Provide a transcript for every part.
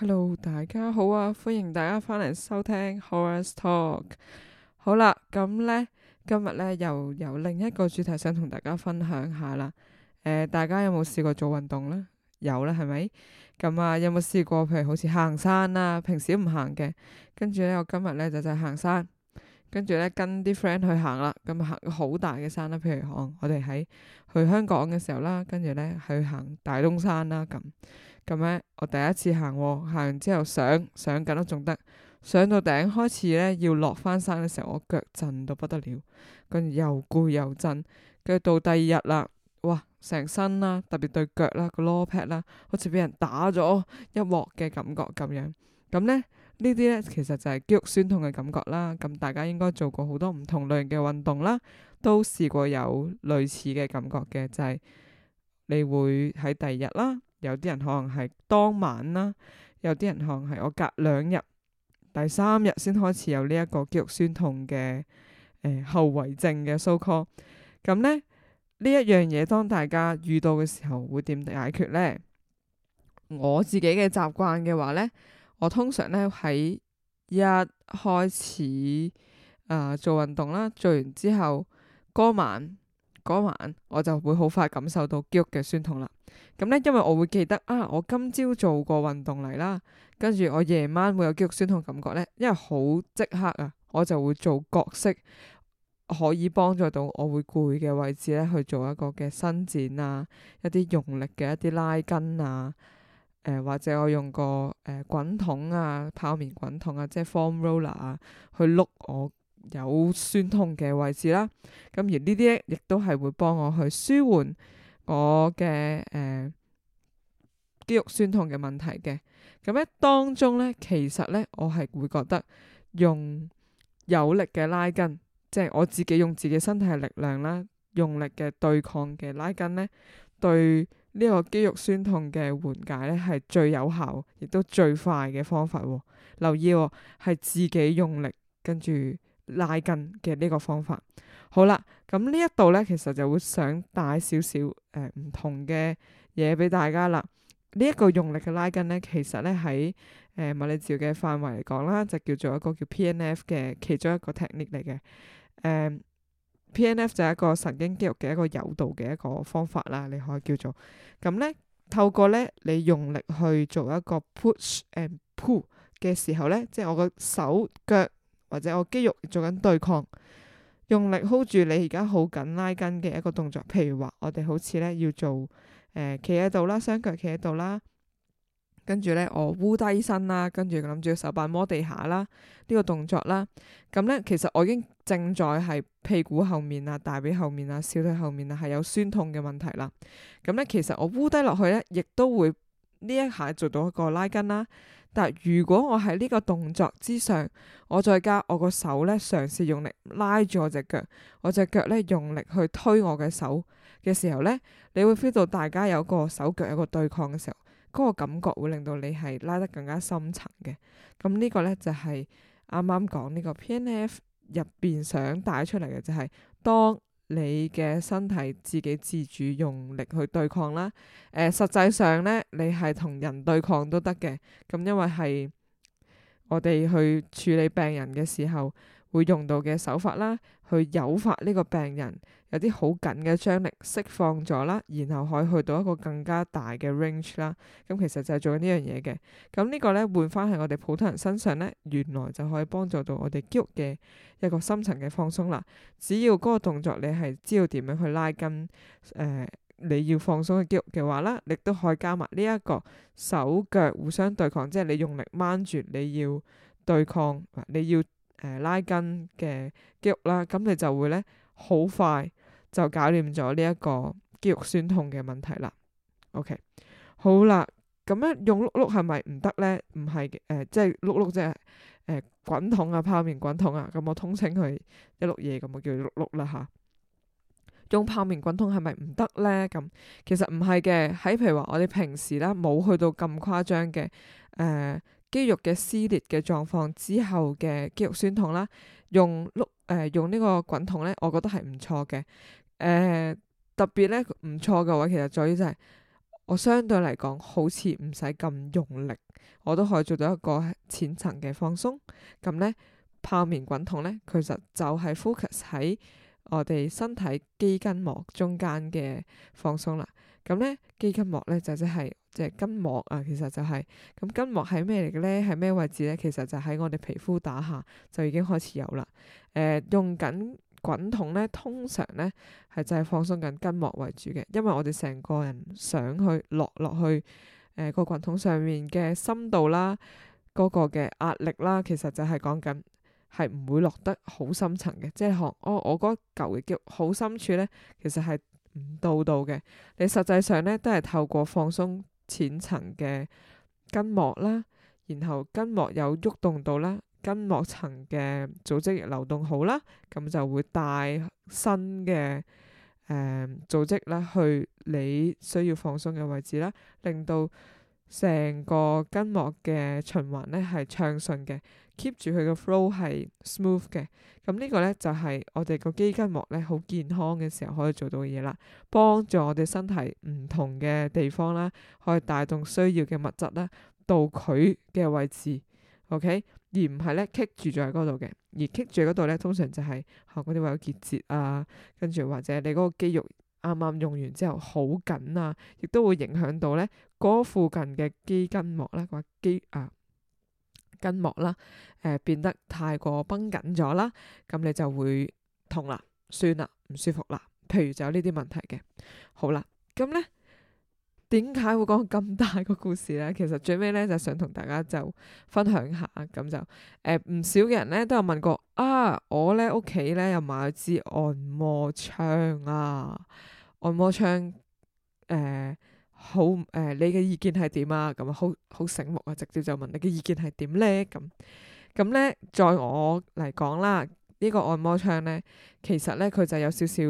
hello，大家好啊，歡迎大家翻嚟收聽 Horis Talk。好啦，咁、嗯、呢，今日呢，又有另一個主題想同大家分享下啦、呃。大家有冇試過做運動呢？有啦，係咪？咁、嗯、啊、嗯，有冇試過？譬如好似行山啦、啊，平時都唔行嘅。跟住呢，我今日呢，就就行山，跟住呢，跟啲 friend 去行啦。咁、嗯、行好大嘅山啦，譬如我哋喺去香港嘅時候啦，跟住呢，去行大東山啦咁。咁咧、嗯，我第一次行，行完之後上上緊都仲得，上到頂開始咧要落翻山嘅時候，我腳震到不得了，跟住又攰又震。跟住到第二日啦，哇，成身啦、啊，特別對腳啦、個籮柚啦，好似俾人打咗一鑊嘅感覺咁樣。咁咧呢啲咧其實就係肌肉酸痛嘅感覺啦。咁大家應該做過好多唔同類型嘅運動啦，都試過有類似嘅感覺嘅，就係、是、你會喺第二日啦。有啲人可能係當晚啦，有啲人可能係我隔兩日、第三日先開始有呢一個肌肉酸痛嘅誒、呃、後遺症嘅 so call，咁咧呢一樣嘢當大家遇到嘅時候會點解決咧？我自己嘅習慣嘅話咧，我通常咧喺一開始啊、呃、做運動啦，做完之後嗰晚。嗰晚我就會好快感受到肌肉嘅酸痛啦。咁咧，因為我會記得啊，我今朝做過運動嚟啦，跟住我夜晚會有肌肉酸痛感覺咧，因為好即刻啊，我就會做角色可以幫助到我會攰嘅位置咧，去做一個嘅伸展啊，一啲用力嘅一啲拉筋啊，誒、呃、或者我用個誒滾筒啊，泡棉滾筒啊，即係 foam roller 啊，去碌我。有酸痛嘅位置啦，咁而呢啲亦都係會幫我去舒緩我嘅誒、呃、肌肉酸痛嘅問題嘅。咁、嗯、咧當中咧，其實咧我係會覺得用有力嘅拉筋，即、就、係、是、我自己用自己身體嘅力量啦，用力嘅對抗嘅拉筋咧，對呢個肌肉酸痛嘅緩解咧係最有效，亦都最快嘅方法、哦。留意係、哦、自己用力跟住。拉筋嘅呢個方法，好啦，咁、嗯、呢一度咧，其實就會想帶少少誒唔同嘅嘢俾大家啦。呢、這、一個用力嘅拉筋咧，其實咧喺誒物理治療嘅範圍嚟講啦，就叫做一個叫 P N F 嘅其中一個 technique 嚟嘅。誒、呃、P N F 就係一個神經肌肉嘅一個誘導嘅一個方法啦，你可以叫做咁咧、嗯。透過咧你用力去做一個 push and pull 嘅時候咧，即係我個手腳。或者我肌肉做緊對抗，用力 hold 住你而家好緊拉筋嘅一個動作，譬如話我哋好似咧要做誒，企喺度啦，雙腳企喺度啦，跟住咧我屈低身啦，跟住諗住手板摸地下啦，呢、這個動作啦，咁咧其實我已經正在係屁股後面啊、大腿後面啊、小腿後面啊係有酸痛嘅問題啦，咁咧其實我屈低落去咧，亦都會呢一下做到一個拉筋啦。但如果我喺呢個動作之上，我再加我個手咧嘗試用力拉住我隻腳，我隻腳咧用力去推我嘅手嘅時候咧，你會 feel 到大家有個手腳有個對抗嘅時候，嗰個感覺會令到你係拉得更加深層嘅。咁呢個咧就係啱啱講呢個 PNF 入邊想帶出嚟嘅，就係當。你嘅身體自己自主用力去對抗啦，誒、呃、實際上咧，你係同人對抗都得嘅，咁因為係我哋去處理病人嘅時候，會用到嘅手法啦，去誘發呢個病人有啲好緊嘅張力釋放咗啦，然後可以去到一個更加大嘅 range 啦。咁其實就係做緊、這個、呢樣嘢嘅。咁呢個咧換翻喺我哋普通人身上咧，原來就可以幫助到我哋肌肉嘅一個深層嘅放鬆啦。只要嗰個動作你係知道點樣去拉筋，誒、呃，你要放鬆嘅肌肉嘅話啦，你都可以加埋呢一個手腳互相對抗，即係你用力掹住你要對抗，你要。誒、呃，拉筋嘅肌肉啦，咁你就會咧好快就搞掂咗呢一個肌肉酸痛嘅問題啦。OK，好啦，咁樣用碌碌係咪唔得咧？唔係嘅，誒、呃，即、就、係、是、碌碌即係誒滾筒啊，泡綿滾筒啊，咁我通稱佢一碌嘢，咁我叫佢碌碌啦吓。用泡綿滾筒係咪唔得咧？咁其實唔係嘅，喺譬如話我哋平時啦，冇去到咁誇張嘅誒。呃肌肉嘅撕裂嘅狀況之後嘅肌肉酸痛啦，用碌誒、呃、用個滾呢個滾筒咧，我覺得係唔錯嘅。誒、呃、特別咧唔錯嘅話，其實在於就係、是、我相對嚟講，好似唔使咁用力，我都可以做到一個淺層嘅放鬆。咁、嗯、咧泡面滾筒咧，其實就係 focus 喺我哋身體肌筋膜中間嘅放鬆啦。咁、嗯、咧肌筋膜咧就即、是、係。即係筋膜啊，其實就係、是、咁筋膜係咩嚟嘅咧？係咩位置咧？其實就喺我哋皮膚打下就已經開始有啦。誒、呃，用緊滾筒咧，通常咧係就係放鬆緊筋膜為主嘅，因為我哋成個人上去落落去，誒、呃，那個滾筒上面嘅深度啦，嗰、那個嘅壓力啦，其實就係講緊係唔會落得好深層嘅，即係學哦我嗰舊嘅叫好深處咧，其實係唔到度嘅。你實際上咧都係透過放鬆。淺層嘅筋膜啦，然後筋膜有喐動度啦，筋膜層嘅組織液流動好啦，咁就會帶新嘅誒、呃、組織啦去你需要放鬆嘅位置啦，令到。成個筋膜嘅循環咧係暢順嘅，keep 住佢個 flow 係 smooth 嘅，咁呢個咧就係、是、我哋個肌筋膜咧好健康嘅時候可以做到嘅嘢啦，幫助我哋身體唔同嘅地方啦，可以帶動需要嘅物質啦到佢嘅位置，OK，而唔係咧 keep 住咗喺嗰度嘅，而 keep 住喺嗰度咧通常就係、是，啊嗰啲位有結節啊，跟住或者你嗰個肌肉。啱啱用完之後好緊啊，亦都會影響到咧嗰附近嘅肌，筋膜，肌、啊、筋膜啦，或者肌啊筋膜啦，誒變得太過繃緊咗啦，咁你就會痛啦、酸啦、唔舒服啦。譬如就有呢啲問題嘅，好啦，咁咧點解會講咁大個故事咧？其實最尾咧就想同大家就分享下，咁就誒唔、呃、少嘅人咧都有問過啊，我咧屋企咧又買咗支按摩槍啊。按摩槍誒、呃，好誒、呃，你嘅意見係點啊？咁啊，好好醒目啊，直接就問你嘅意見係點咧？咁咁咧，在我嚟講啦，呢、這個按摩槍咧，其實咧佢就有少少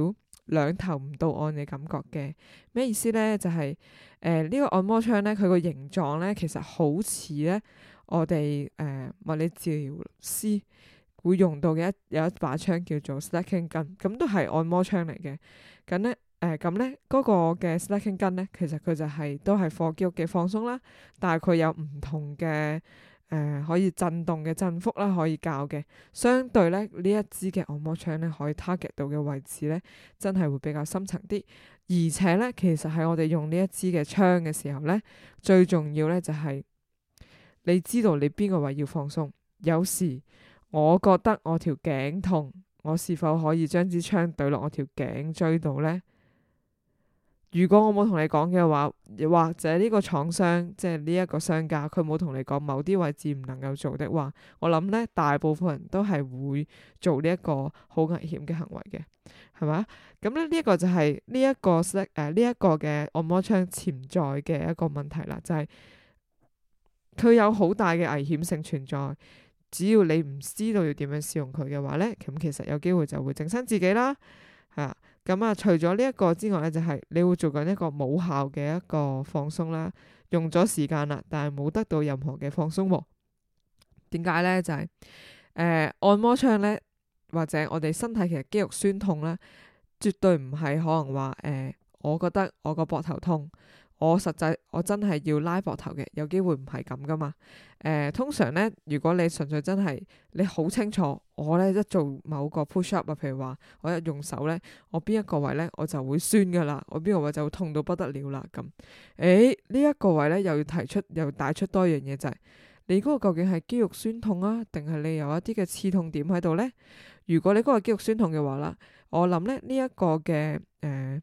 兩頭唔到岸嘅感覺嘅。咩意思咧？就係誒呢個按摩槍咧，佢個形狀咧，其實好似咧我哋誒、呃、物理治療師會用到嘅一有一把槍叫做 Sticking Gun，咁都係按摩槍嚟嘅。咁咧。誒，咁咧嗰個嘅 slacking 筋咧，其實佢就係、是、都係課肌肉嘅放鬆啦。但係佢有唔同嘅誒、呃，可以震動嘅振幅啦，可以較嘅。相對咧呢一支嘅按摩槍咧，可以 target 到嘅位置咧，真係會比較深層啲。而且咧，其實喺我哋用呢一支嘅槍嘅時候咧，最重要咧就係你知道你邊個位要放鬆。有時我覺得我條頸痛，我是否可以將支槍懟落我條頸椎度咧？如果我冇同你講嘅話，或者呢個廠商即係呢一個商家，佢冇同你講某啲位置唔能夠做的話，我諗咧大部分人都係會做呢一個好危險嘅行為嘅，係嘛？咁咧呢一個就係呢一個識誒呢一個嘅按摩槍潛在嘅一個問題啦，就係、是、佢有好大嘅危險性存在，只要你唔知道要點樣使用佢嘅話咧，咁其實有機會就會整親自己啦，係啊。咁啊，除咗呢一個之外咧，就係、是、你會做緊一個冇效嘅一個放鬆啦，用咗時間啦，但係冇得到任何嘅放鬆。點解呢？就係、是呃、按摩槍呢，或者我哋身體其實肌肉酸痛咧，絕對唔係可能話誒、呃，我覺得我個膊頭痛，我實際我真係要拉膊頭嘅，有機會唔係咁噶嘛。誒、呃，通常咧，如果你純粹真係你好清楚，我咧一做某個 push up 啊，譬如話我一用手咧，我邊一個位咧，我就會酸噶啦，我邊個位就會痛到不得了啦咁。誒，呢、這、一個位咧又要提出，又要帶出多樣嘢就係、是、你嗰個究竟係肌肉酸痛啊，定係你有一啲嘅刺痛點喺度咧？如果你嗰個肌肉酸痛嘅話啦，我諗咧呢一、這個嘅誒。呃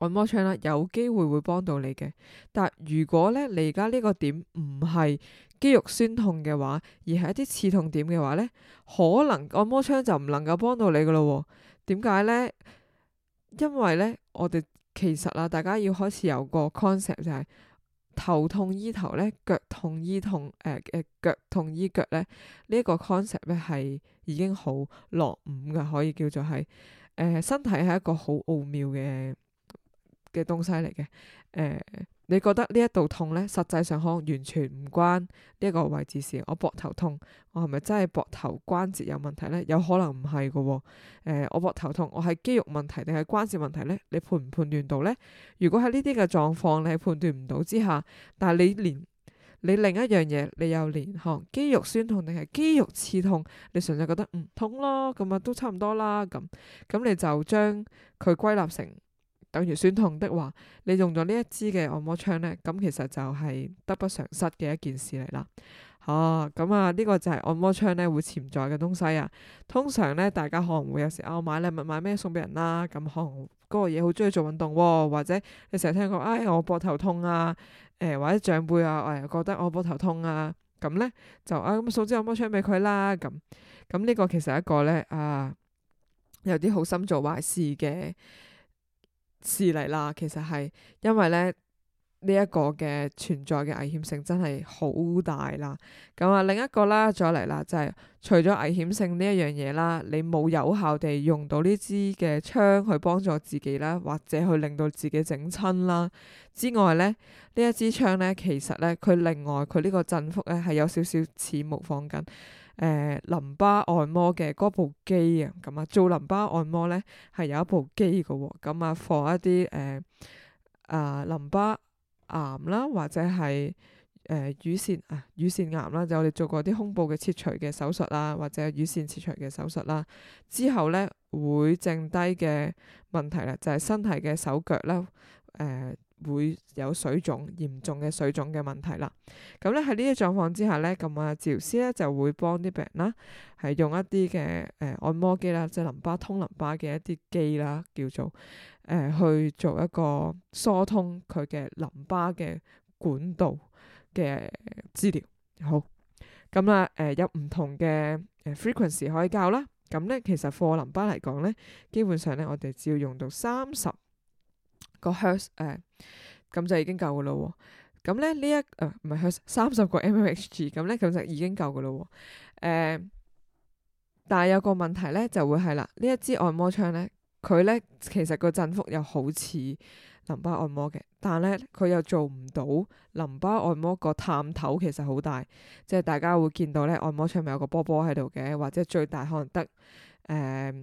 按摩槍啦，有機會會幫到你嘅。但如果咧，你而家呢個點唔係肌肉酸痛嘅話，而係一啲刺痛點嘅話咧，可能按摩槍就唔能夠幫到你噶咯。點解咧？因為咧，我哋其實啊，大家要開始有個 concept 就係、是、頭痛醫頭咧，腳痛醫痛誒嘅腳痛醫腳咧。呢、這、一個 concept 咧係已經好落伍噶，可以叫做係誒、呃、身體係一個好奧妙嘅。嘅東西嚟嘅，誒、呃，你覺得呢一度痛咧，實際上可能完全唔關呢個位置事。我膊頭痛，我係咪真係膊頭關節有問題咧？有可能唔係嘅，誒、呃，我膊頭痛，我係肌肉問題定係關節問題咧？你判唔判斷到咧？如果喺呢啲嘅狀況，你係判斷唔到之下，但係你連你另一樣嘢，你又連可能肌肉酸痛定係肌肉刺痛，你純粹覺得唔痛咯，咁啊都差唔多啦，咁咁你就將佢歸納成。肌肉酸痛的話，你用咗呢一支嘅按摩槍咧，咁其實就係得不償失嘅一件事嚟啦。啊，咁啊，呢個就係按摩槍咧會潛在嘅東西啊。通常咧，大家可能會有時啊，我買禮物買咩送俾人啦，啊，咁可能嗰個嘢好中意做運動，啊，或者你成日聽過，哎，我膊頭痛啊，誒、呃，或者長輩啊，誒、哎，覺得我膊頭痛啊，咁咧就啊，咁、嗯、送支按摩槍俾佢啦，咁，咁呢個其實係一個咧啊，有啲好心做壞事嘅。事嚟啦，其實係因為咧呢一、這個嘅存在嘅危險性真係好大啦。咁、嗯、啊，另一個啦，再嚟啦，就係、是、除咗危險性呢一樣嘢啦，你冇有，有效地用到呢支嘅槍去幫助自己啦，或者去令到自己整親啦之外呢，呢一支槍呢，其實呢，佢另外佢呢個振幅呢，係有少少似模仿緊。誒、呃，淋巴按摩嘅嗰部機啊，咁、嗯、啊做淋巴按摩咧係有一部機噶、哦，咁啊放一啲誒啊淋巴癌啦，或者係誒、呃、乳腺啊乳腺癌啦，就是、我哋做過啲胸部嘅切除嘅手術啦，或者乳腺切除嘅手術啦，之後咧會剩低嘅問題咧就係、是、身體嘅手腳啦。誒、呃。會有水腫，嚴重嘅水腫嘅問題啦。咁咧喺呢啲狀況之下咧，咁啊治療師咧就會幫啲病人啦，係用一啲嘅誒按摩機啦，即係淋巴通淋巴嘅一啲機啦，叫做誒、呃、去做一個疏通佢嘅淋巴嘅管道嘅治療。好，咁啦誒有唔同嘅誒、呃、frequency 可以教啦。咁、嗯、咧其實對淋巴嚟講咧，基本上咧我哋只要用到三十個 hertz、呃咁就已經夠噶啦，咁咧呢一，誒唔係佢三十個 mmHg 咁咧，咁就已經夠噶啦，誒、呃，但係有個問題咧就會係啦，呢一支按摩槍咧，佢咧其實個振幅，又好似淋巴按摩嘅，但係咧佢又做唔到淋巴按摩，個探頭其實好大，即係大家會見到咧按摩槍咪有個波波喺度嘅，或者最大可能得誒。呃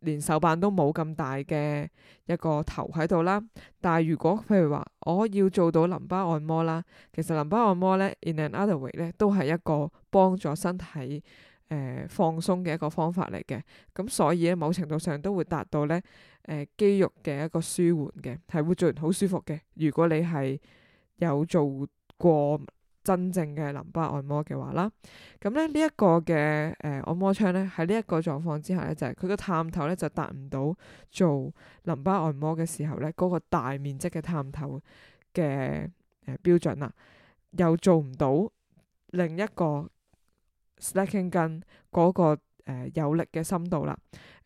連手板都冇咁大嘅一個頭喺度啦，但係如果譬如話我要做到淋巴按摩啦，其實淋巴按摩咧 in another way 咧都係一個幫助身體誒、呃、放鬆嘅一個方法嚟嘅，咁、嗯、所以咧某程度上都會達到咧誒、呃、肌肉嘅一個舒緩嘅，係會做完好舒服嘅。如果你係有做過。真正嘅淋巴按摩嘅話啦，咁咧呢一、這個嘅誒、呃、按摩槍咧，喺呢一個狀況之下咧，就係佢個探頭咧就達唔到做淋巴按摩嘅時候咧嗰、那個大面積嘅探頭嘅誒、呃、標準啦，又做唔到另一個 s t a c k i n g 筋嗰個、呃、有力嘅深度啦。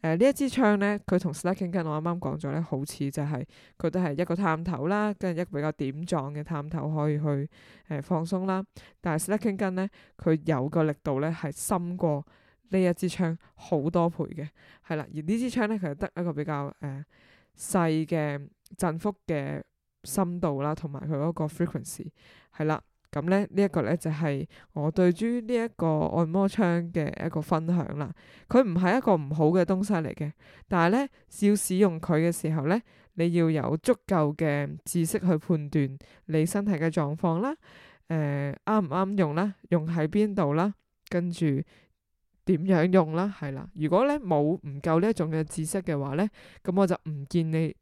誒，呢一、呃、支槍咧，佢同 s l a c c a n 筋我啱啱講咗咧，好似就係、是、佢都係一個探頭啦，跟住一個比較點狀嘅探頭可以去誒、呃、放鬆啦。但係 s l a c c a n 筋咧，佢有個力度咧係深過呢一支槍好多倍嘅，係啦。而呢支槍咧，佢實得一個比較誒細嘅振幅嘅深度啦，同埋佢嗰個 frequency 係啦。咁咧，呢一、這個咧就係、是、我對於呢一個按摩槍嘅一個分享啦。佢唔係一個唔好嘅東西嚟嘅，但係咧要使用佢嘅時候咧，你要有足夠嘅知識去判斷你身體嘅狀況啦，誒啱唔啱用啦，用喺邊度啦，跟住點樣用啦，係啦。如果咧冇唔夠呢一種嘅知識嘅話咧，咁我就唔建議你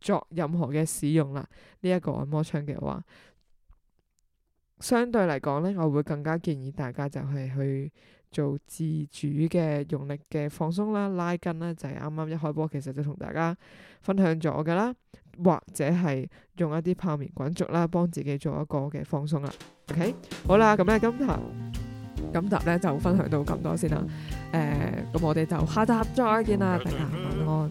作任何嘅使用啦。呢、這、一個按摩槍嘅話。相對嚟講咧，我會更加建議大家就係去做自主嘅用力嘅放鬆啦，拉筋啦，就係啱啱一開波，其實就同大家分享咗㗎啦，或者係用一啲泡棉滾軸啦，幫自己做一個嘅放鬆啦。OK，好啦，咁咧今集，今集咧就分享到咁多先啦。誒，咁我哋就下集再見啦，大家晚安。